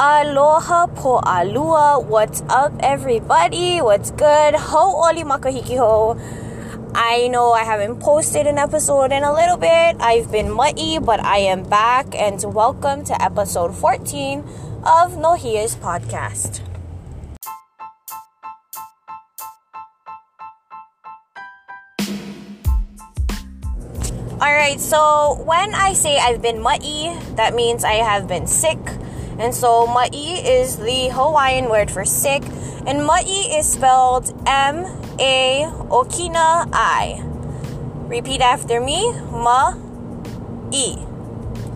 Aloha po'alua. What's up, everybody? What's good? Ho'oli makahiki ho. I know I haven't posted an episode in a little bit. I've been muddy, but I am back, and welcome to episode 14 of Nohia's podcast. All right, so when I say I've been muddy, that means I have been sick. And so ma'i is the Hawaiian word for sick, and ma'i is spelled M A O K I N A I. Repeat after me, ma'i.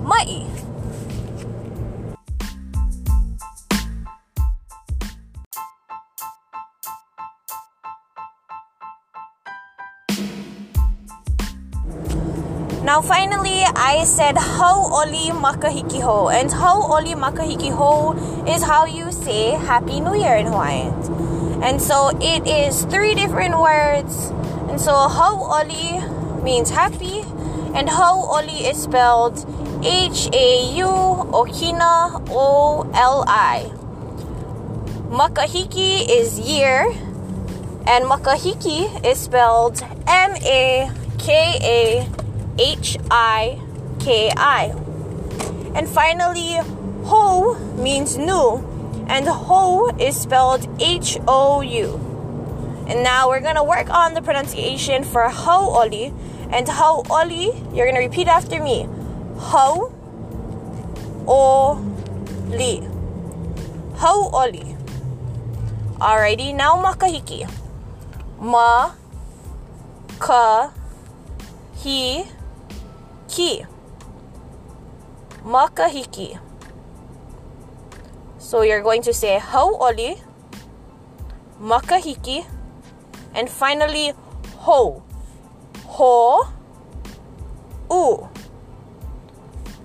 Ma'i. Now, finally, I said how oli makahikiho, and how oli makahikiho is how you say Happy New Year in Hawaiian. And so it is three different words. And so how oli means happy, and how oli is spelled H A U Okina O L I. Makahiki is year, and makahiki is spelled M A K A. H I K I. And finally, Ho means new, and Ho is spelled H O U. And now we're gonna work on the pronunciation for Ho Oli. And Ho Oli, you're gonna repeat after me. Ho Oli. Ho Oli. Alrighty, now makahiki. Ma ka he hiki. Makahiki. So you're going to say Hau hauoli, makahiki, and finally ho. Ho u.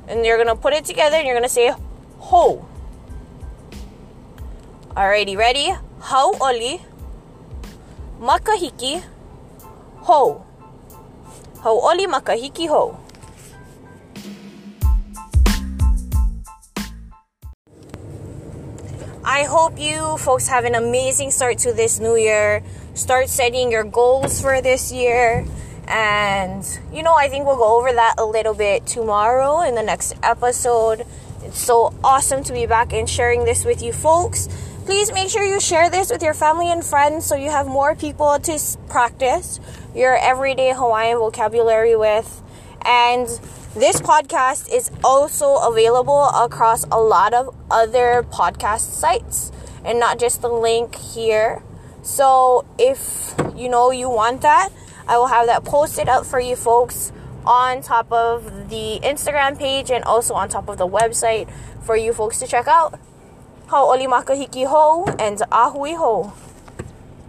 And you're gonna put it together and you're gonna say ho. Alrighty, ready? Hauoli, makahiki, ho. Hauoli makahiki ho. I hope you folks have an amazing start to this new year. Start setting your goals for this year. And, you know, I think we'll go over that a little bit tomorrow in the next episode. It's so awesome to be back and sharing this with you folks. Please make sure you share this with your family and friends so you have more people to practice your everyday Hawaiian vocabulary with. And this podcast is also available across a lot of other podcast sites and not just the link here. So if you know you want that, I will have that posted up for you folks on top of the Instagram page and also on top of the website for you folks to check out. Hau'oli makahiki ho and ahui ho.